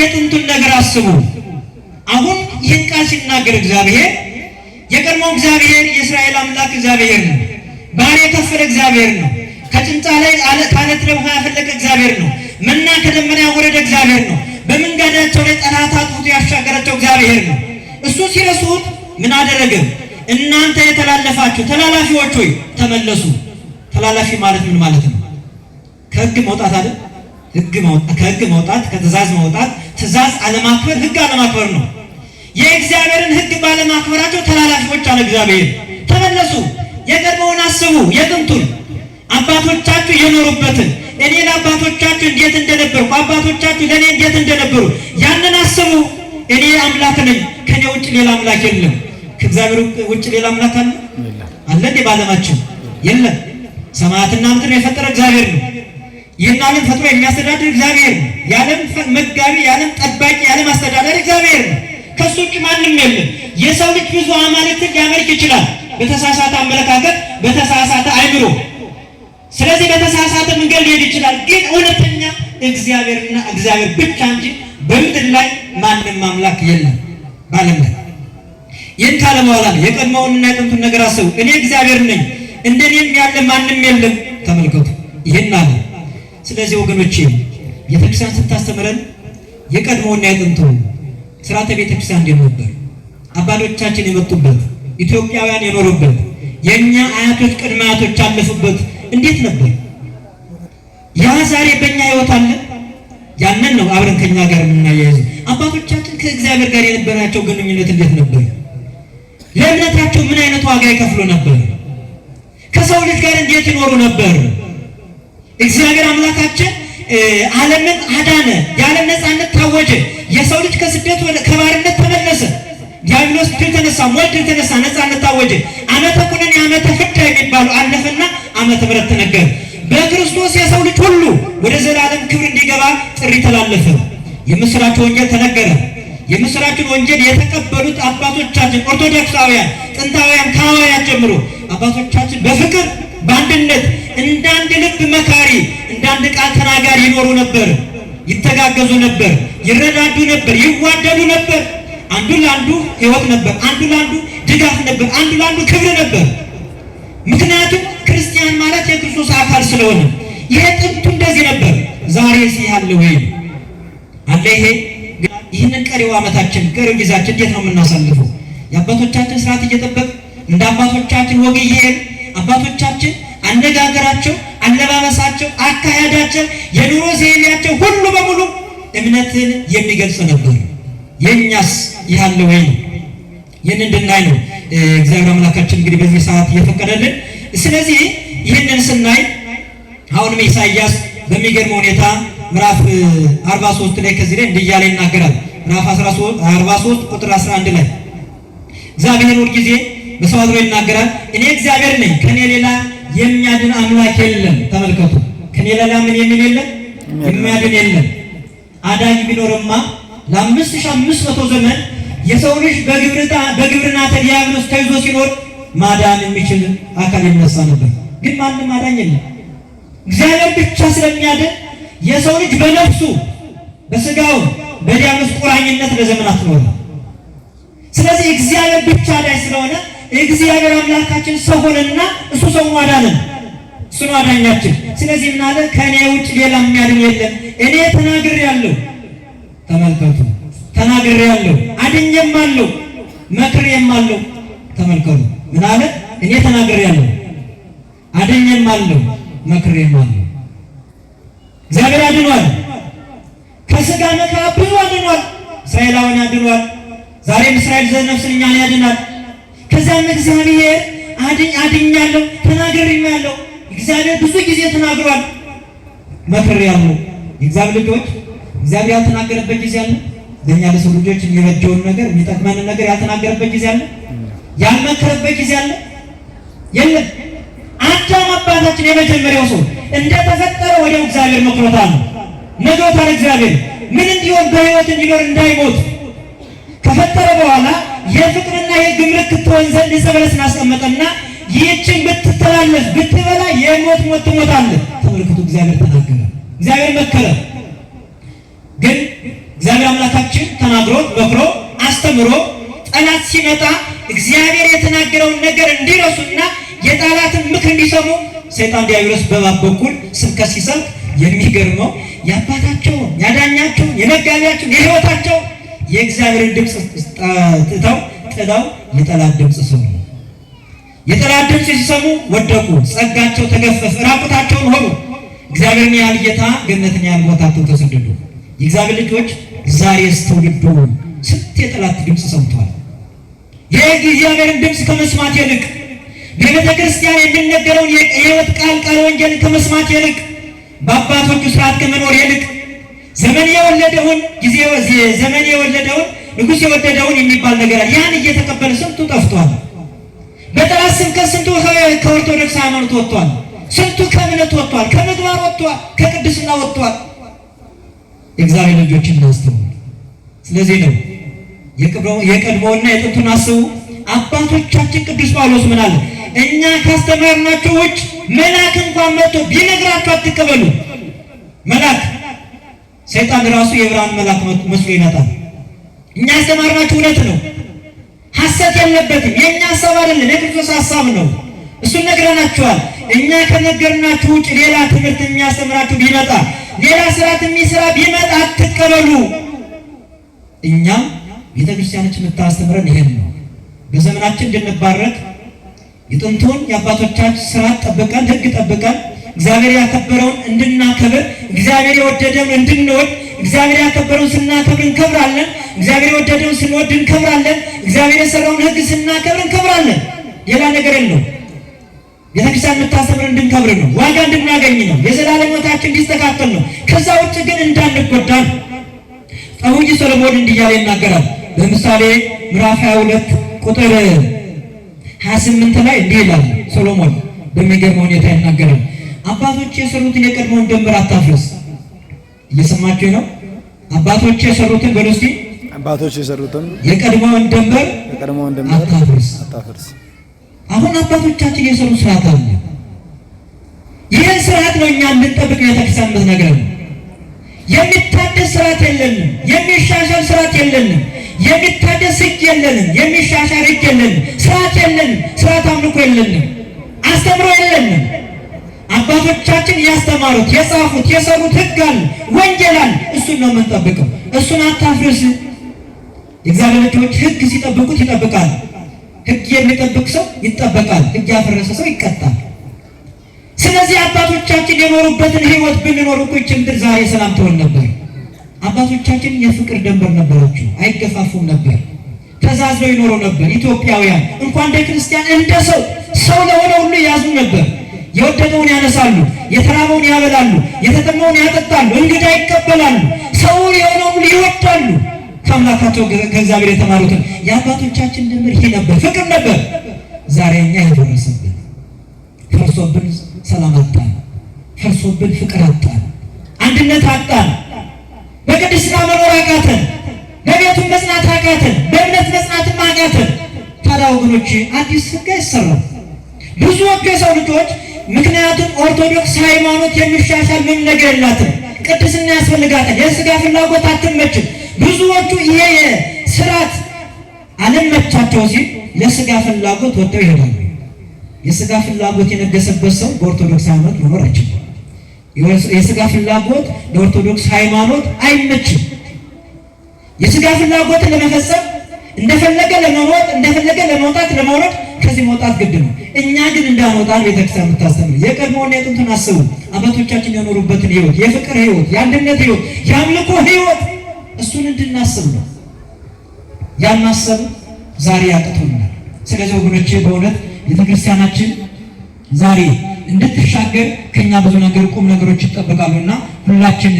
የጥንቱን ነገር አስቡ። አሁን ይህን ቃል ሲናገር እግዚአብሔር የቀድሞ እግዚአብሔር የእስራኤል አምላክ እግዚአብሔር ነው። ባህር የከፈለ እግዚአብሔር ነው። ከጭንጫ ላይ ከአለት ላይ ውሃ ያፈለቀ እግዚአብሔር ነው። መና ከደመና ያወረደ እግዚአብሔር ነው። በመንገዳቸው ላይ ጠላት አጥፍቶ ያሻገራቸው እግዚአብሔር ነው። እሱ ሲረሱት ምን አደረገ? እናንተ የተላለፋችሁ ተላላፊዎች ሆይ ተመለሱ። ተላላፊ ማለት ምን ማለት ነው? ከህግ መውጣት አይደል? ከህግ መውጣት፣ ከትእዛዝ መውጣት ትእዛዝ አለማክበር ህግ አለማክበር ነው። የእግዚአብሔርን ህግ ባለማክበራቸው ተላላፊዎች አለ እግዚአብሔር። ተመለሱ፣ የቀድሞውን አስቡ፣ የጥንቱን አባቶቻችሁ የኖሩበትን እኔ ለአባቶቻችሁ እንዴት እንደነበርኩ አባቶቻችሁ ለእኔ እንዴት እንደነበሩ ያንን አስቡ። እኔ አምላክ ነኝ፣ ከኔ ውጭ ሌላ አምላክ የለም። ከእግዚአብሔር ውጭ ሌላ አምላክ አለ አለ? ባለማችሁ የለም። ሰማያትና ምድር የፈጠረ እግዚአብሔር ነው። ይህን ዓለም ፈጥሮ የሚያስተዳድር እግዚአብሔር፣ የዓለም መጋቢ፣ የዓለም ጠባቂ፣ የዓለም አስተዳዳሪ እግዚአብሔር ነው። ከሱ ውጭ ማንም የለም። የሰው ልጅ ብዙ አማልክትን ሊያመልክ ይችላል፣ በተሳሳተ አመለካከት፣ በተሳሳተ አይምሮ። ስለዚህ በተሳሳተ መንገድ ሊሄድ ይችላል። ግን እውነተኛ እግዚአብሔርና እግዚአብሔር ብቻ እንጂ በምድር ላይ ማንም አምላክ የለም ባለም ላይ ይህን ካለ በኋላ የቀድሞውንና የጥንቱን ነገር አስቡ። እኔ እግዚአብሔር ነኝ፣ እንደኔም ያለ ማንም የለም። ተመልከቱ ይህን አለ ስለዚህ ወገኖቼ ቤተክርስቲያን ስታስተምረን የቀድሞና የጥንቱ ስርዓተ ቤተክርስቲያን እንዴት ነበር? አባቶቻችን የመጡበት ኢትዮጵያውያን የኖሩበት የእኛ አያቶች ቅድመ አያቶች ያለፉበት እንዴት ነበር? ያ ዛሬ በእኛ ህይወት አለ። ያንን ነው አብረን ከኛ ጋር የምናያይዘው። አባቶቻችን ከእግዚአብሔር ጋር የነበራቸው ግንኙነት እንዴት ነበር? ለእምነታቸው ምን አይነት ዋጋ ይከፍሉ ነበር? ከሰው ልጅ ጋር እንዴት ይኖሩ ነበር? እግዚአብሔር አምላካችን ዓለምን አዳነ። የዓለም ነፃነት ታወጀ። የሰው ልጅ ከስደት ወደ ከባርነት ተመለሰ። ዲያብሎስ ድል ተነሳ፣ ሞት ድል ተነሳ፣ ነፃነት ታወጀ። ዓመተ ኩነኔ፣ ዓመተ ፍዳ የሚባሉ አለፈና ዓመተ ምሕረት ተነገረ። በክርስቶስ የሰው ልጅ ሁሉ ወደ ዘላለም ክብር እንዲገባ ጥሪ ተላለፈ። የምስራቹ ወንጌል ተነገረ። የምስራቹን ወንጌል የተቀበሉት አባቶቻችን ኦርቶዶክሳውያን፣ ጥንታውያን፣ ካዋያን ጀምሮ አባቶቻችን በፍቅር በአንድነት እንዳንድ ልብ መካሪ፣ እንዳንድ ቃል ተናጋሪ ይኖሩ ነበር፣ ይተጋገዙ ነበር፣ ይረዳዱ ነበር፣ ይዋደዱ ነበር። አንዱ ለአንዱ ሕይወት ነበር፣ አንዱ ለአንዱ ድጋፍ ነበር፣ አንዱ ለአንዱ ክብር ነበር። ምክንያቱም ክርስቲያን ማለት የክርስቶስ አካል ስለሆነ ይሄ ጥንቱ እንደዚህ ነበር። ዛሬ ሲያለ ወይ አለ ይሄ ይህንን ቀሪው ዓመታችን ቀሪው ጊዜያችን እንዴት ነው የምናሳልፈው? የአባቶቻችን ስርዓት እየጠበቅ እንደ አባቶቻችን ወግ እየሄድን አባቶቻችን አነጋገራቸው፣ አለባበሳቸው፣ አካሄዳቸው፣ የኑሮ ዘይቤያቸው ሁሉ በሙሉ እምነትን የሚገልጽ ነበር። የእኛስ ያለ ወይ ነው? ይህን እንድናይ ነው እግዚአብሔር አምላካችን እንግዲህ በዚህ ሰዓት እየፈቀደልን። ስለዚህ ይህንን ስናይ አሁንም ኢሳያስ በሚገርም ሁኔታ ምዕራፍ 43 ላይ ከዚህ ላይ እንዲህ እያለ ይናገራል። ምዕራፍ 43 ቁጥር 11 ላይ እግዚአብሔር ሁልጊዜ በሰዋት ላይ ይናገራል። እኔ እግዚአብሔር ነኝ፣ ከእኔ ሌላ የሚያድን አምላክ የለም። ተመልከቱ፣ ከኔ ሌላ ምን የሚል የለም፣ የሚያድን የለም። አዳኝ ቢኖርማ ለአምስት ሺህ አምስት መቶ ዘመን የሰው ልጅ በግብርና ተዲያብሎስ ተይዞ ሲኖር ማዳን የሚችል አካል ይነሳ ነበር። ግን ማንም አዳኝ የለም። እግዚአብሔር ብቻ ስለሚያድን የሰው ልጅ በነፍሱ በስጋው በዲያብሎስ ቁራኝነት ለዘመናት ኖረ። ስለዚህ እግዚአብሔር ብቻ አዳኝ ስለሆነ እግዚአብሔር አምላካችን ሰው ሆነና እሱ ሰው አዳነን። እሱ ነው አዳኛችን። ስለዚህ ምናለ ከእኔ ውጭ ሌላ የሚያድን የለም። እኔ ተናግሬ ያለሁ ተመልከቱ፣ ተናግሬ ያለሁ አድኜም አለሁ መክሬም አለሁ። ተመልከቱ ምናለ እኔ ተናግሬ ያለሁ አድኜም አለሁ መክሬም አለሁ። እግዚአብሔር አድኗል። ከስጋ መከራ ብዙ አድኗል። እስራኤላውን አድኗል። ዛሬም እስራኤል ዘነፍስን እኛን ያድናል። ከዚያም እግዚአብሔር አድኛለሁ ተናግሬያለሁ። እግዚአብሔር ብዙ ጊዜ ተናግሯል፣ መክሬያለሁ። የእግዚአብሔር ልጆች እግዚአብሔር ያልተናገረበት ጊዜ አለ። ለእኛ ለሰው ልጆች የሚበጀውን ነገር የሚጠቅመንን ነገር ያልተናገረበት ጊዜ አለ። ያልመከረበት ጊዜ አለ። የለም አዳም አባታችን የመጀመሪያው ሰው እንደተፈጠረ ወዲያው እግዚአብሔር መክሮታል፣ ነግሮታል። እግዚአብሔር ምን እንዲሆን በህይወት እንዲኖር እንዳይሞት ከፈጠረ በኋላ የፍቅርና የግብር ክትሆን ዘንድ ዕፀ በለስን አስቀመጠና ይህችን ብትተላለፍ ብትበላ የሞት ሞት ትሞታለህ ተመልክቶ እግዚአብሔር ተናገረ። እግዚአብሔር መከረ። ግን እግዚአብሔር አምላካችን ተናግሮ መክሮ አስተምሮ ጠላት ሲመጣ እግዚአብሔር የተናገረውን ነገር እንዲረሱና የጠላትን ምክር እንዲሰሙ ሰይጣን ዲያብሎስ በባብ በኩል ስብከት ሲሰብክ የሚገርመው የአባታቸውን ያዳኛቸውን የመጋቢያቸውን የሕይወታቸውን የእግዚአብሔርን ድምፅ ትተው ጥለው የጠላት ድምፅ ሰሙ። የጠላት ድምፅ ሲሰሙ ወደቁ፣ ጸጋቸው ተገፈፈ፣ ራቁታቸውን ሆኑ። እግዚአብሔርን ያህል ጌታ ገነትን ያህል ቦታ ተው ተሰደዱ። የእግዚአብሔር ልጆች ዛሬስ ትውልዱ ስንት የጠላት ድምፅ ሰምቷል። የእግዚአብሔርን ድምፅ ከመስማት ይልቅ በቤተ ክርስቲያን የሚነገረውን የሕይወት ቃል ቃል ወንጌል ከመስማት ይልቅ በአባቶቹ ስርዓት ከመኖር ዘመን የወለደውን ጊዜ ዘመን የወለደውን ንጉሥ የወደደውን የሚባል ነገር ያን እየተቀበለ ስንቱ ጠፍቷል። በጠላት ስብከት ስንቱ ከኦርቶዶክስ ሃይማኖት ወጥቷል። ስንቱ ከእምነት ወጥቷል፣ ከምግባር ወጥቷል፣ ከቅድስና ወጥቷል። የእግዚአብሔር ልጆች እናስተውል። ስለዚህ ነው የቀድሞውና የጥንቱን አስቡ። አባቶቻችን ቅዱስ ጳውሎስ ምን አለ? እኛ ካስተማርናችሁ ውጭ መልአክ እንኳን መጥቶ ቢነግራችሁ አትቀበሉ። መልአክ ሰይጣን ራሱ የብርሃን መልአክ መስሎ ይመጣል። እኛ ያስተማርናችሁ እውነት ነው፣ ሐሰት የለበትም። የእኛ ሐሳብ አይደለም፣ የክርስቶስ ሐሳብ ነው። እሱን ነግረናችኋል። እኛ ከነገርናችሁ ውጭ ሌላ ትምህርት የሚያስተምራችሁ ቢመጣ፣ ሌላ ስርዓት የሚሰራ ቢመጣ አትቀበሉ። እኛ ቤተ ክርስቲያኖች የምታስተምረን ይሄን ነው። በዘመናችን እንድንባረክ የጥንቱን የአባቶቻችን ስርዓት ጠብቀን ህግ ጠብቀን እግዚአብሔር ያከበረውን እንድናከብር፣ እግዚአብሔር የወደደውን እንድንወድ። እግዚአብሔር ያከበረውን ስናከብር እንከብራለን። እግዚአብሔር የወደደውን ስንወድ እንከብራለን። እግዚአብሔር የሰራውን ሕግ ስናከብር እንከብራለን። ሌላ ነገር የለው። ቤተክርስቲያን የምታስተምር እንድንከብር ነው፣ ዋጋ እንድናገኝ ነው፣ የዘላለም ሕይወታችን እንዲስተካከል ነው። ከዛ ውጭ ግን እንዳንጎዳ ነው። ጠሁይ ሰሎሞን እንዲህ እያለ ይናገራል በምሳሌ ምዕራፍ 22 ቁጥር 28 ላይ እንዲህ ይላል ሰሎሞን በሚገርም ሁኔታ ይናገራል። አባቶች የሰሩትን የቀድሞውን ድንበር አታፍርስ። እየሰማችሁ ነው። አባቶች የሰሩትን በሉስቲ አባቶች የሰሩትን የቀድሞውን ድንበር የቀድሞውን ድንበር አታፍርስ። አሁን አባቶቻችን የሰሩ ስርዓት አለ። ይህን ስርዓት ነው እኛ እንድንጠብቅ የተከሳንበት ነገር ነው። የሚታደስ ስርዓት የለንም። የሚሻሻል ስርዓት የለንም። የሚታደስ ህግ የለንም። የሚሻሻል ህግ የለንም። ስርዓት የለንም። ስርዓት አምልኮ የለንም። አስተምሮ የለንም። አባቶቻችን ያስተማሩት የጻፉት የሰሩት ህግ አለ፣ ወንጌል አለ። እሱን ነው የምንጠብቀው። እሱን አታፍርስ። የእግዚአብሔር ልጆች ህግ ሲጠብቁት ይጠብቃል። ህግ የሚጠብቅ ሰው ይጠበቃል። ህግ ያፈረሰ ሰው ይቀጣል። ስለዚህ አባቶቻችን የኖሩበትን ህይወት ብንኖር እኮ ይህች ምድር ዛሬ ሰላም ትሆን ነበር። አባቶቻችን የፍቅር ደንበር ነበራቸው፣ አይገፋፉም ነበር፣ ተዛዝበው ይኖሩ ነበር። ኢትዮጵያውያን እንኳን እንደ ክርስቲያን እንደ ሰው ሰው ለሆነ ሁሉ ያዝኑ ነበር። የወደቀውን ያነሳሉ፣ የተራበውን ያበላሉ፣ የተጠማውን ያጠጣሉ፣ እንግዳ ይቀበላሉ፣ ሰውን የሆነውን ይወዳሉ። ከአምላካቸው ከእግዚአብሔር የተማሩትን የአባቶቻችን ድምር ይሄ ነበር፣ ፍቅር ነበር። ዛሬ እኛ የደረሰብን ፈርሶብን፣ ሰላም አጣን፣ ፈርሶብን፣ ፍቅር አጣን፣ አንድነት አጣን፣ በቅድስና መኖር አቃተን፣ በቤቱን መጽናት አቃተን፣ በእምነት መጽናት አቃተን። ታዲያ ወገኖች አዲስ ሕግ አይሰራም። ብዙ ወገ ሰው ልጆች ምክንያቱም ኦርቶዶክስ ሃይማኖት የሚሻሻል ምን ነገር የላትም። ቅድስና ያስፈልጋታል። የስጋ ፍላጎት አትመችም። ብዙዎቹ ይሄ ስርዓት አለመቻቸው ሲል ለስጋ ፍላጎት ወጥተው ይሄዳሉ። የስጋ ፍላጎት የነገሰበት ሰው በኦርቶዶክስ ሃይማኖት መኖር አይችልም። የስጋ ፍላጎት ለኦርቶዶክስ ሃይማኖት አይመችም። የስጋ ፍላጎትን ለመፈጸም እንደፈለገ ለመሮጥ እንደፈለገ ለመውጣት ለመውረድ ከዚህ መውጣት ግድ ነው። እኛ ግን እንዳንወጣ ቤተክርስቲያን የምታስተምር የቀድሞውን የጥንቱን አስቡ። አባቶቻችን የኖሩበትን ህይወት፣ የፍቅር ህይወት፣ የአንድነት ህይወት፣ የአምልኮ ህይወት እሱን እንድናስብ ነው። ያናሰብ ዛሬ ያቅቶናል። ስለዚህ ወገኖች በእውነት ቤተክርስቲያናችን ዛሬ እንድትሻገር ከኛ ብዙ ነገር ቁም ነገሮች ይጠበቃሉና ሁላችን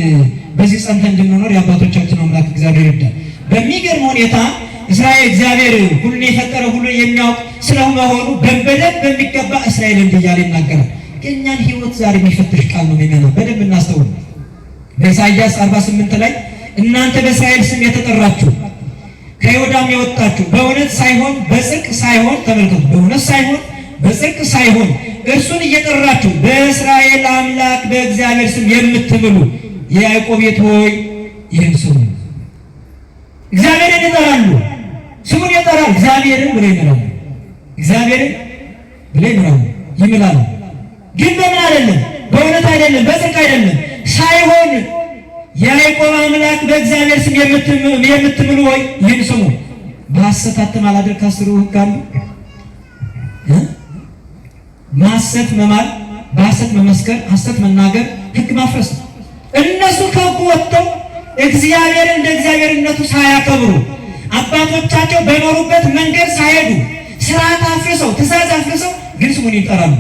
በዚህ ጸንተ እንድንኖር የአባቶቻችን አምላክ እግዚአብሔር ይርዳል። በሚገርም ሁኔታ እስራኤል እግዚአብሔር ሁሉን የፈጠረ ሁሉን የሚያውቅ በደንብ በሚገባ እስራኤል እያለ ይናገራል። የእኛን ሕይወት ዛሬ የሚፈትሽ ቃል ነው በደንብ እናስተውል። በኢሳይያስ 48 ላይ እናንተ በእስራኤል ስም የተጠራችሁ ከይሁዳም የወጣችሁ በእውነት ሳይሆን በጽድቅ ሳይሆን ተመልከቱ፣ በእውነት ሳይሆን በጽድቅ ሳይሆን እርሱን እየጠራችሁ በእስራኤል አምላክ በእግዚአብሔር ስም የምትምሉ የያዕቆብ ቤት ሆይ ይህን ስሙ። እግዚአብሔርን ይጠራሉ። ስሙን የጠራ እግዚአብሔርን ብለው ይምራሉ። እግዚአብሔርን ብለው ይምራሉ ይምላሉ። ግን በምን አይደለም፣ በእውነት አይደለም፣ በጽድቅ አይደለም ሳይሆን የያዕቆብ አምላክ በእግዚአብሔር ስም የምትም የምትምሉ ወይ ይህን ስሙ በሐሰት አትማላደር ከአስሩ ሕግ አሉ። ማሰት መማል፣ በሐሰት መመስከር፣ ሐሰት መናገር ሕግ ማፍረስ ነው። እነሱ ከሕጉ ወጥተው እግዚአብሔር እንደ እግዚአብሔርነቱ ሳያከብሩ አባቶቻቸው በኖሩበት መንገድ ሳይሄዱ ስርዓት አፍርሰው ትእዛዝ አፍርሰው ግን ስሙን ይጠራሉ።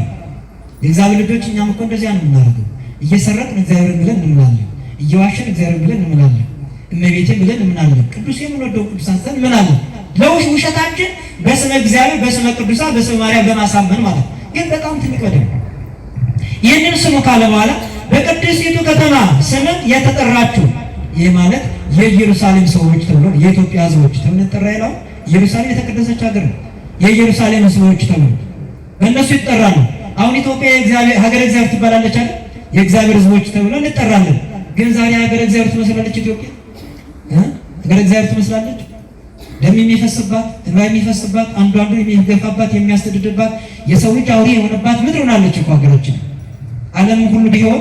የእግዚአብሔር ልጆች እኛም እኮ እንደዚያ ነው የምናደርገው። እየሰረቅን እግዚአብሔርን ብለን እንምላለን፣ እየዋሸን እግዚአብሔርን ብለን እንምላለን፣ እመቤቴ ብለን እንምናለን፣ ቅዱስ የምንወደው ቅዱሳን ዘንድ ምናለን። ለውሽ ውሸታችን በስመ እግዚአብሔር በስመ ቅዱሳ በስመ ማርያም በማሳመን ማለት ግን በጣም ትልቅ በደል። ይህንን ስሙ ካለ በኋላ በቅድስቲቱ ከተማ ስምን የተጠራችሁ ይህ ማለት የኢየሩሳሌም ሰዎች ተብሎ የኢትዮጵያ ሕዝቦች ተብሎ ተጠራ ኢየሩሳሌም የተቀደሰች ሀገር ነው። የኢየሩሳሌም ሕዝቦች ተብሎ በእነሱ ይጠራ አሁን ኢትዮጵያ የእግዚአብሔር ሀገር እግዚአብሔር ትባላለች አይደል? የእግዚአብሔር ሕዝቦች ተብሎ እንጠራለን። ግን ዛሬ ሀገር እግዚአብሔር ትመስላለች ኢትዮጵያ ሀገር እግዚአብሔር ትመስላለች። ደም የሚፈስባት እንባ የሚፈስባት አንዱ አንዱ የሚገፋባት የሚያስተድድባት የሰው ልጅ አውሬ የሆነባት ምድር ሆናለች እኮ ሀገራችን። ዓለም ሁሉ ቢሆን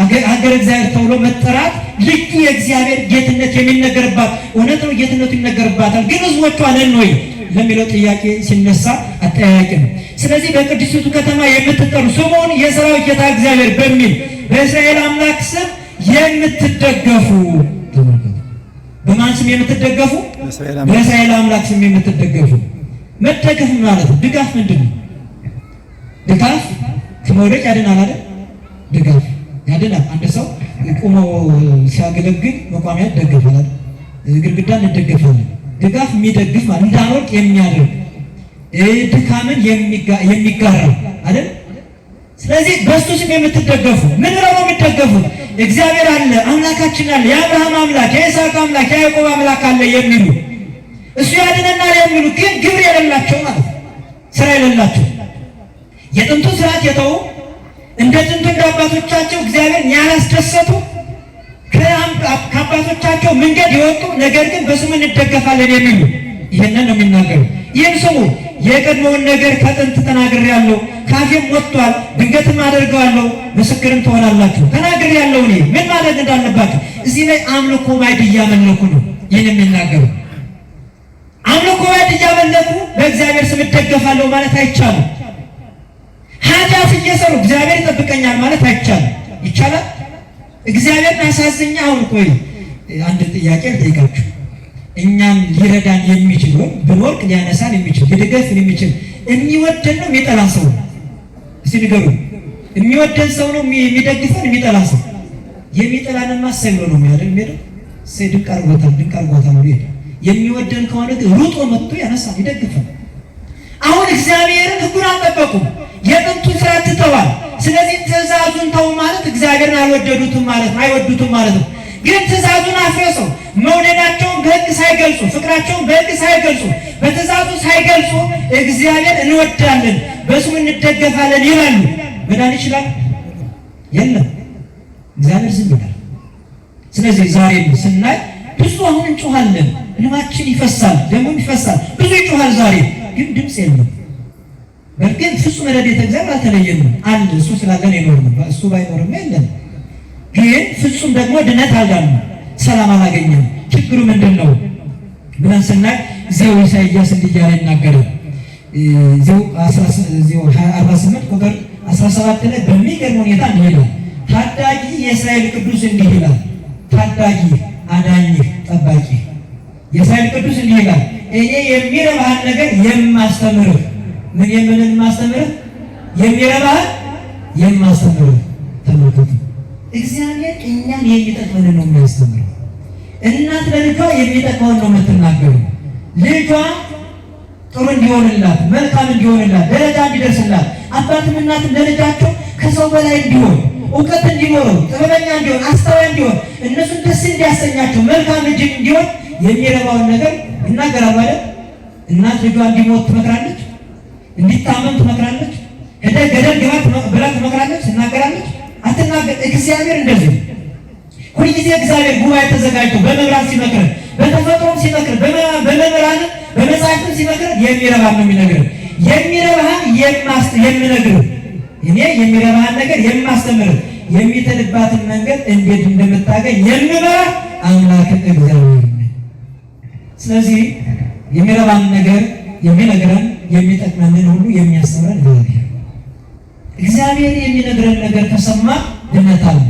ሀገር እግዚአብሔር ተብሎ መጠራት ልዩ የእግዚአብሔር ጌትነት የሚነገርባት እውነት ነው። ጌትነቱ ይነገርባታል። ግን ህዝቦቿ አለን ወይ ለሚለው ጥያቄ ሲነሳ አጠያያቂ ነው። ስለዚህ በቅድስቱ ከተማ የምትጠሩ ስሙን የሰራዊት ጌታ እግዚአብሔር በሚል በእስራኤል አምላክ ስም የምትደገፉ በማን ስም የምትደገፉ? በእስራኤል አምላክ ስም የምትደገፉ። መደገፍ ማለት ድጋፍ ምንድን ነው? ድጋፍ ከመውደቅ ያድናል አይደል? ድጋፍ ያድናል። አንድ ሰው ቆሞ ሲያገለግል መቋሚያ ይደገፋል፣ ግድግዳ እንደገፋለን። ድጋፍ የሚደግፍ ማለት እንዳሮቅ የሚያደርግ ድካምን የሚጋራ አይደል? ስለዚህ ስም የምትደገፉ ምን ነው የምትደገፉ? እግዚአብሔር አለ አምላካችን አለ የአብርሃም አምላክ የይስሐቅ አምላክ የያዕቆብ አምላክ አለ የሚሉ እሱ ያድነናል የሚሉ ግን ግብር የሌላቸው ማለት ስራ የሌላቸው የጥንቱ ስርዓት የተው እንደ ጥንት አባቶቻቸው እግዚአብሔርን ያላስደሰቱ ከአባቶቻቸው መንገድ የወጡ ነገር ግን በስሙ እንደገፋለን የሚሉ ይህንን ነው የሚናገሩ። ይህን ስሙ። የቀድሞውን ነገር ከጥንት ተናግር ያለው ካፌም ወጥቷል፣ ድንገትም አደርገዋለሁ፣ ምስክርም ትሆናላችሁ። ተናግሬያለሁ እኔ ምን ማለት እንዳለባችሁ። እዚህ ላይ አምልኮ ባዕድ እያመለኩ ነው ይህን የሚናገሩ። አምልኮ ባዕድ እያመለኩ በእግዚአብሔር ስም እደገፋለሁ ማለት አይቻልም። እየሰሩ እግዚአብሔር ይጠብቀኛል ማለት አይቻልም። ይቻላል። እግዚአብሔር አሳዝኛ። አሁን ቆይ አንድ ጥያቄ ልጠይቃችሁ። እኛን ሊረዳን የሚችል ወይም ብንወድቅ ሊያነሳን የሚችል ሊደገፍን የሚችል የሚወደን ነው የሚጠላን ሰው ነው? እስቲ የሚወደን ሰው ነው የሚደግፈን? የሚጠላ ሰው የሚጠላንማ እሰይ ነው የሚያደርግ የሚሄደው እሰይ ድንቅ አድርጎታል ድንቅ አድርጎታል ነው ይሄ። የሚወደን ከሆነ ግን ሩጦ መጥቶ ያነሳል፣ ይደግፈን። አሁን እግዚአብሔርን ህጉን አልጠበቁም። የጥንቱን ስራ ትተዋል። ስለዚህ ትእዛዙን ተው ማለት እግዚአብሔርን አልወደዱትም ማለት ነው፣ አይወዱትም ማለት ነው። ግን ትእዛዙን አፍረሰው መውደዳቸውን በሕግ ሳይገልጹ ፍቅራቸውን በሕግ ሳይገልጹ በትእዛዙ ሳይገልጹ እግዚአብሔር እንወዳለን፣ በስሙ እንደገፋለን ይላሉ። መዳን ይችላል? የለም። እግዚአብሔር ዝም ይላል። ስለዚህ ዛሬ ስናይ ብዙ አሁን እንጮሃለን፣ ልባችን ይፈሳል፣ ደግሞ ይፈሳል፣ ብዙ ይጮሃል ዛሬ ግን ድምፅ የለም። በእርግጥ ፍጹም ረድኤተ እግዚአብሔር አልተለየንም። አንድ እሱ ስላለን የኖርን እሱ ባይኖርም የለን። ግን ፍጹም ደግሞ ድነት አልዳንም፣ ሰላም አላገኘም። ችግሩ ምንድን ነው ብለን ስናይ እዚያው ኢሳይያስ እንዲህ እያለ ይናገራል። እዚያው 48 ቁጥር 17 ላይ በሚገርም ሁኔታ እንዲህ ይላል፣ ታዳጊ የእስራኤል ቅዱስ እንዲህ ይላል፣ ታዳጊ አዳኝህ፣ ጠባቂ የእስራኤል ቅዱስ እንዲህ ይላል፣ እኔ የሚረባህን ነገር የማስተምርህ ምን የምንን ማስተምርህ የሚረባህን የማስተምርህ። ተመልከቱ፣ እግዚአብሔር እኛን የሚጠቅመን ነው የሚያስተምረው። እናት ለልጇ የሚጠቅመውን ነው የምትናገረው። ልጇ ጥሩ እንዲሆንላት፣ መልካም እንዲሆንላት፣ ደረጃ እንዲደርስላት፣ አባትም እናትም ለልጃቸው ከሰው በላይ እንዲሆን እውቀት እንዲኖረው ጥበበኛ እንዲሆን አስተዋይ እንዲሆን እነሱን ደስ እንዲያሰኛቸው መልካም ልጅ እንዲሆን የሚረባውን ነገር እናገራባለን። እናት ልጇ እንዲሞት ትመክራለች። እንዲታመም ትመክራለች። ገደል ገደል ግባ ብላ ትመክራለች፣ ትናገራለች፣ አትናገር። እግዚአብሔር እንደዚህ ሁልጊዜ እግዚአብሔር ጉባኤ ተዘጋጅቶ በመብራት ሲመክረን፣ በተፈጥሮም ሲመክረን፣ በመምህራን በመጽሐፍም ሲመክረን የሚረባህ ነው የሚነግርህ የሚረባህን የሚነግርህ እኔ የሚረባህን ነገር የማስተምር የሚጥልባትን መንገድ እንዴት እንደምታገኝ የምመራህ አምላክህ እግዚአብሔር። ስለዚህ የሚረባህን ነገር የሚነግረን የሚጠቅመንን ሁሉ የሚያስተምረን እግዚአብሔር። እግዚአብሔር የሚነግረን ነገር ከሰማን ድነት አለ።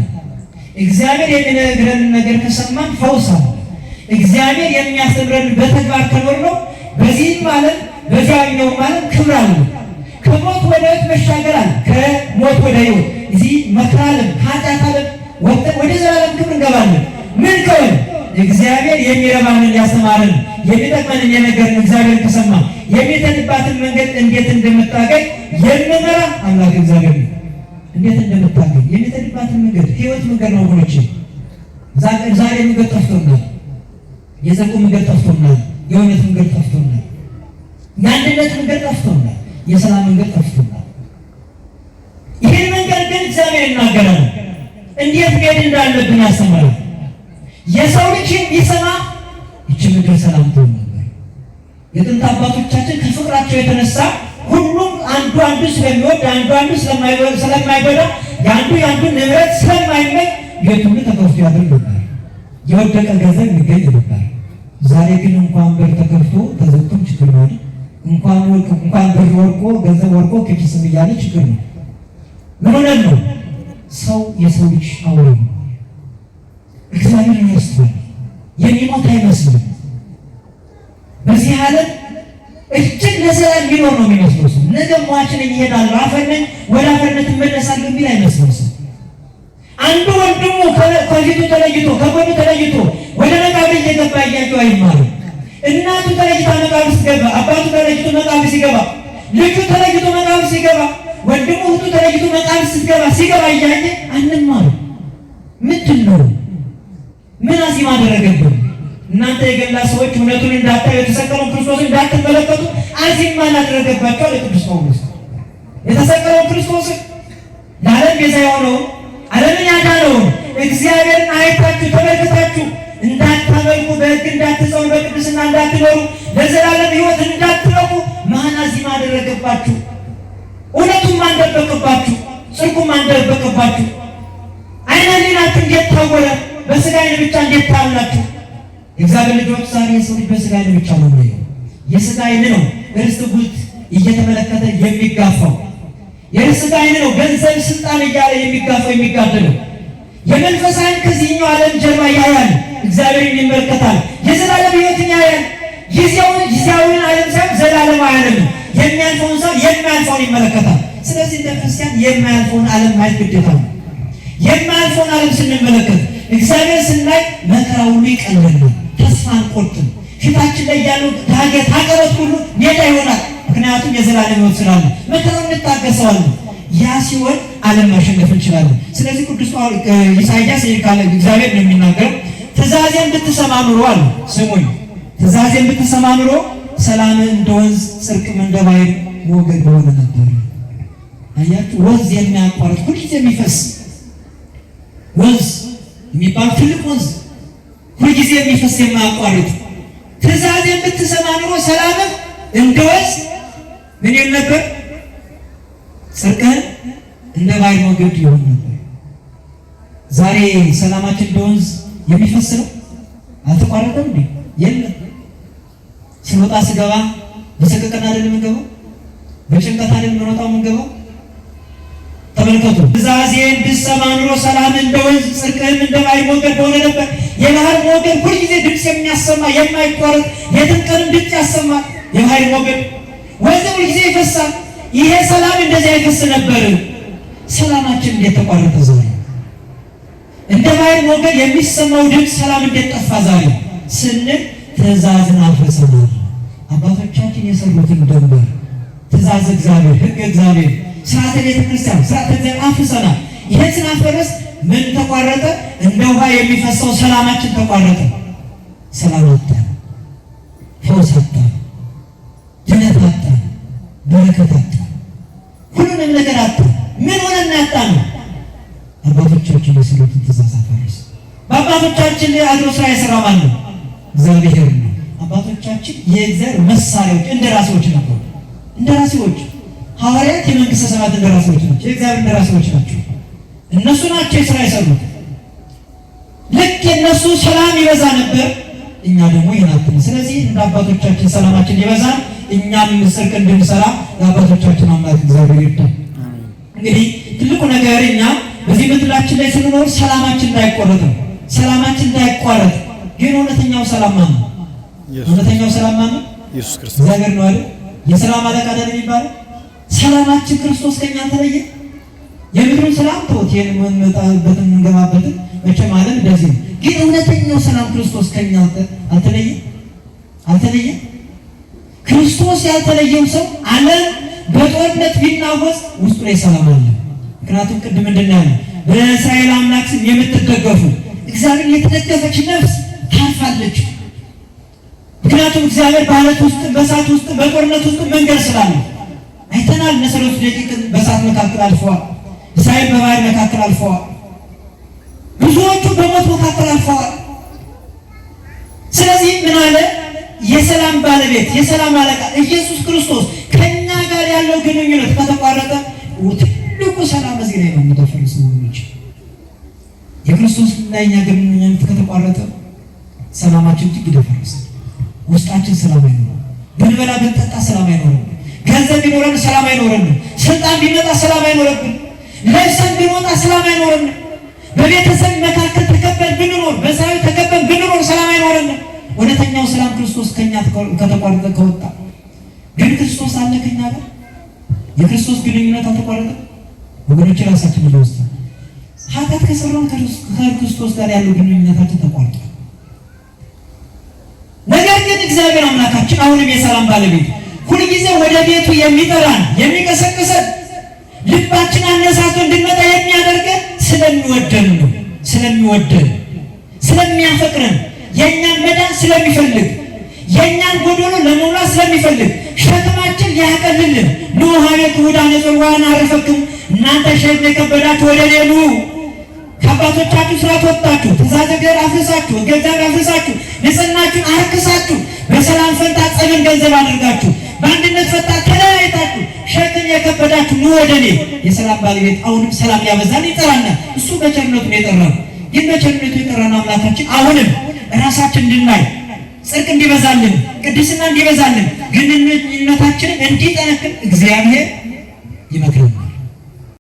እግዚአብሔር የሚነግረን ነገር ከሰማን ፈውስ አለ። እግዚአብሔር የሚያስተምረን በተግባር ከኖር ነው። በዚህም ዓለም በዚያኛውም ዓለም ክብር አለ። ከሞት ወደ ሕይወት መሻገር አለ። ከሞት ወደ ሕይወት እዚህ መከራ ዓለም፣ ኃጢአት ዓለም ወደ ዘላለም ክብር እንገባለን። ምን ከሆነ እግዚአብሔር የሚረባንን ያስተማረን የሚጠቅመንን የነገርን እግዚአብሔር ከሰማን የሚተንባትን መንገድ እንዴት እንደምታገኝ የምመራ አምላክ እግዚአብሔር እንዴት እንደምታገኝ የሚተንባትን መንገድ ህይወት መንገድ ነው ወገኖቼ። ዛሬ መንገድ ጠፍቶናል። የዘቁ መንገድ ጠፍቶናል። የእውነት መንገድ ጠፍቶናል። የአንድነት መንገድ ጠፍቶናል። የሰላም መንገድ ጠፍቶናል። ይህን መንገድ ግን እግዚአብሔር ይናገራል። እንዴት መሄድ እንዳለብን ያስተምራል። የሰው ልጅ ይሰማ ይች ምድር ሰላም ትሆናል የጥንት አባቶቻችን ከፍቅራቸው የተነሳ ሁሉም አንዱ አንዱ ስለሚወድ አንዱ አንዱ ስለማይበዳ የአንዱ የአንዱን ንብረት ስለማይመኝ ቤት ሁሉ ተከፍቶ ያድር ነበር። የወደቀ ገንዘብ የሚገኝ ነበር። ዛሬ ግን እንኳን በር ተከፍቶ ተዘግቶም ችግር ነው። እንኳን ወርቅ እንኳን ብር ወርቆ ገንዘብ ወርቆ ከኪስም እያለ ችግር ነው። ምን ሆነን ነው? ሰው የሰው ልጅ አውሬ ነው። እግዚአብሔር ያስተዋል የሚሞት አይመስልም። በዚህ ዓለም እጅግ ለሰላም የሚኖር ነው የሚመስለው ሰው። ነገ ወደ አፈርነት እመለሳለሁ የሚል አይመስለው ሰው። አንዱ ወንድሙ ከፊቱ ተለይቶ ከጎኑ ተለይቶ ወደ መቃብር እየገባ እያየው እናቱ ተለይታ መቃብር ሲገባ፣ አባቱ ተለይቶ መቃብር ሲገባ፣ ልጁ ተለይቶ መቃብር ሲገባ፣ ወንድሙ እህቱ ተለይቶ መቃብር ሲገባ እያየ ምንድን ነው ምን አዚም አደረገብን? እናንተ የገላ ሰዎች እውነቱን እንዳታዩ የተሰቀለውን ክርስቶስ እንዳትመለከቱ አዚም አላደረገባቸው ለቅዱስ ጳውሎስ የተሰቀለውን ክርስቶስ ለዓለም ቤዛ የሆነውን ዓለምን ያዳነውን እግዚአብሔርን አይታችሁ ተመልክታችሁ እንዳታመልኩ በሕግ እንዳትጸኑ በቅድስና እንዳትኖሩ ለዘላለም ሕይወት እንዳትረፉ ማን አዚም አደረገባችሁ? እውነቱም አንደበቅባችሁ፣ ጽድቁም አንደበቅባችሁ። አይነ ሊናችሁ እንዴት ታወረ? በስጋ ብቻ እንዴት ታያላችሁ? የእግዚአብሔር ልጆች ዛሬ የሰው ልጅ በስጋ ነው ብቻ ነው የሚያየው። የስጋ ዓይን ነው ርስት ጉድ እየተመለከተ የሚጋፋው የርስት ዓይን ነው ገንዘብ፣ ስልጣን እያለ የሚጋፋው የሚጋደለው። የመንፈስ ዓይን ከዚህኛው ዓለም ጀርባ ያያል፣ እግዚአብሔርን ይመለከታል፣ የዘላለም ሕይወትን ያያል። ጊዜውን ጊዜያዊን ዓለም ሳይሆን ዘላለም ዓለም የሚያልፈውን ሰው የማያልፈውን ይመለከታል። ስለዚህ እንደ ክርስቲያን የማያልፈውን ዓለም ማየት ግዴታ ነው። የማያልፈውን ዓለም ስንመለከት እግዚአብሔር ስናይ መከራ ሁሉ ይቀለናል። ተስፋ አንቆርጥም። ፊታችን ላይ ያሉ ዳገት፣ ሀገሮች ሁሉ ሜዳ ይሆናል። ምክንያቱም የዘላለም ሕይወት ስላለ መከራው እንታገሰዋለን። ያ ሲሆን ዓለም ማሸነፍ እንችላለን። ስለዚህ ቅዱስ ኢሳያስ ይልካል እግዚአብሔር ነው የሚናገረው ትእዛዜን ብትሰማ ኑሮ አለ ስሙኝ፣ ትእዛዜን ብትሰማ ኑሮ ሰላም እንደ ወንዝ ጽድቅም እንደ ባሕር ሞገድ በሆነ ነበር። አያችሁ፣ ወንዝ የሚያቋርጥ ሁልጊዜ የሚፈስ ወንዝ የሚባል ትልቅ ወንዝ ኢየሱስ የማያቋርጥ ትእዛዝ የምትሰማ ኑሮ ሰላምን እንደወዝ ምን ይል ነበር? ጽድቅህን እንደ ባሕር ሞገድ ይሆን ነበር። ዛሬ ሰላማችን እንደወንዝ የሚፈስ ነው። አልተቋረጠም እንዴ? የለም። ስንወጣ ስገባ በሰቀቀን አይደለም የምንገባው፣ በጭንቀት አይደለም የምንወጣው የምንገባው። ተመልከቱ። ትእዛዜን ብትሰማ ኑሮ ሰላም እንደወንዝ ጽድቅህም እንደ ባሕር ሞገድ በሆነ ነበር። የባህር ሞገድ ሁልጊዜ ድምፅ የሚያሰማ የማይቋረጥ የትም ቀንም ድምፅ ያሰማል። የባህር ሞገድ ወንዝ ሁልጊዜ ይፈሳል። ይሄ ሰላም እንደዚህ አይፈስ ነበር። ሰላማችን እንደተቋረጠ ዛሬ እንደ ባህር ሞገድ የሚሰማው ድምፅ ሰላም እንደጠፋ ዛሬ ስንል ትእዛዝን አፍርሰናል። አባቶቻችን የሰሩትን ደንበር፣ ትእዛዝ እግዚአብሔር፣ ህግ እግዚአብሔር፣ ስርዓተ ቤተክርስቲያን፣ ስርዓተ አፍርሰናል። ይሄ ስናፈረስ ምን ተቋረጠ? እንደ ውሃ የሚፈሰው ሰላማችን ተቋረጠ። ሰላም አጣን፣ ፈውስ አጣን፣ ድነት አጣን፣ በረከት አጣን፣ ሁሉንም ነገር አጣን። ምን ሆነ እናጣ ነው? አባቶቻችን የሰሩትን ትእዛዝ አፈረስ። በአባቶቻችን ላይ አድሮ ስራ የሰራ ማን ነው? እግዚአብሔር ነው። አባቶቻችን የእግዚአብሔር መሳሪያዎች እንደራሴዎች ነበሩ። እንደራሴዎች ሐዋርያት የመንግስተ ሰማያት እንደራሴዎች ናቸው። የእግዚአብሔር እንደራሴዎች ናቸው። እነሱ ናቸው የስራ የሰሩት። ልክ የእነሱ ሰላም ይበዛ ነበር፣ እኛ ደግሞ ይናትን። ስለዚህ እንደ አባቶቻችን ሰላማችን ይበዛል፣ እኛም ጽድቅ እንድንሰራ የአባቶቻችን አምላክ እግዚአብሔር ይርዳል። እንግዲህ ትልቁ ነገር እኛ በዚህ ምድራችን ላይ ስንኖር ሰላማችን እንዳይቆረጥ ነው። ሰላማችን እንዳይቋረጥ ግን እውነተኛው ሰላም ማን ነው? እውነተኛው ሰላም ማን ነው? ኢየሱስ ክርስቶስ። እግዚአብሔር ነው አይደል? የሰላም አለቃ አይደል የሚባለው። ሰላማችን ክርስቶስ ከኛ ተለየ። የምድሩን ሰላም ተውት፣ የምንመጣበትን የምንገባበትን መቼ ማለት እንደዚህ ነው። ግን እውነተኛው ሰላም ክርስቶስ ከኛ አልተለየ አልተለየ። ክርስቶስ ያልተለየው ሰው አለ በጦርነት ቢናወዝ ውስጡ ላይ ሰላም አለ። ምክንያቱም ቅድም እንድና ያለ በእስራኤል አምላክ ስም የምትደገፉ እግዚአብሔር የተደገፈች ነፍስ ታርፋለች። ምክንያቱም እግዚአብሔር በአለት ውስጥ በእሳት ውስጥ በጦርነት ውስጥ መንገድ ስላለ አይተናል። መሰረቱ ደቂቅ በእሳት መካከል አልፈዋል። እስራኤል በባህር መካከል አልፈዋል። ብዙዎቹ በሞት መካከል አልፈዋል። ስለዚህ ምን አለ? የሰላም ባለቤት የሰላም አለቃ ኢየሱስ ክርስቶስ ከእኛ ጋር ያለው ግንኙነት ከተቋረጠ ትልቁ ሰላም እዚህ ላይ ነው የሚደፈርስ መሆኖች የክርስቶስ እና የኛ ግንኙነት ከተቋረጠ ሰላማችን እጅግ ይደፈርስ፣ ውስጣችን ሰላም አይኖረም። ብንበላ ብንጠጣ ሰላም አይኖረም። ገንዘብ ቢኖረን ሰላም አይኖረንም። ስልጣን ቢመጣ ሰላም አይኖረብን። ለብሰን ብንወጣ ሰላም አይኖረንም። በቤተሰብ መካከል ተከበን ብንኖር፣ በሰራዊት ተከበን ብንኖር ሰላም አይኖረንም። እውነተኛው ሰላም ክርስቶስ ከኛ ከተቋረጠ ከወጣ ግን ክርስቶስ አለ ከኛ ጋር። የክርስቶስ ግንኙነት አልተቋረጠ ወገኖች። ራሳችን ልወስድ ኃጢአት ከሰራን ከክርስቶስ ጋር ያለው ግንኙነታችን ተቋርጧል። ነገር ግን እግዚአብሔር አምላካችን አሁንም የሰላም ባለቤት ሁልጊዜ ወደ ቤቱ የሚጠራን የሚቀሰቅሰን ልባችን አነሳስቶ እንድንመጣ የሚያደርገን ስለሚወደን ነው። ስለሚወደን ስለሚያፈቅረን የእኛን መዳን ስለሚፈልግ የእኛን ጎዶሎ ለመሙላት ስለሚፈልግ ሸክማችን ሊያቀልልን ንውሃነ ክቡድ አነጾር አረፈክም እናንተ ሸክም የከበዳችሁ ወደ ሌሉ ከአባቶቻችሁ ስራ ተወጣችሁ ትእዛዝ ገር አፍርሳችሁ ገንዘብ አፍርሳችሁ ንጽህናችሁን አርክሳችሁ በሰላም ፈንታ ጸብን ገንዘብ አድርጋችሁ በአንድነት ፈታ ተለያይታችሁ ሸክም የከበዳችሁ ኑ ወደ እኔ። የሰላም ባለቤት አሁንም ሰላም ይጠራናል። እሱ በቸርነቱ ነው የጠራው። ይህ በቸርነቱ አምላካችን አሁንም እንድናይ ጽድቅ እንዲበዛልን፣ ቅድስና እንዲበዛልን፣ ግንኙነታችንን እንዲጠነክር እግዚአብሔር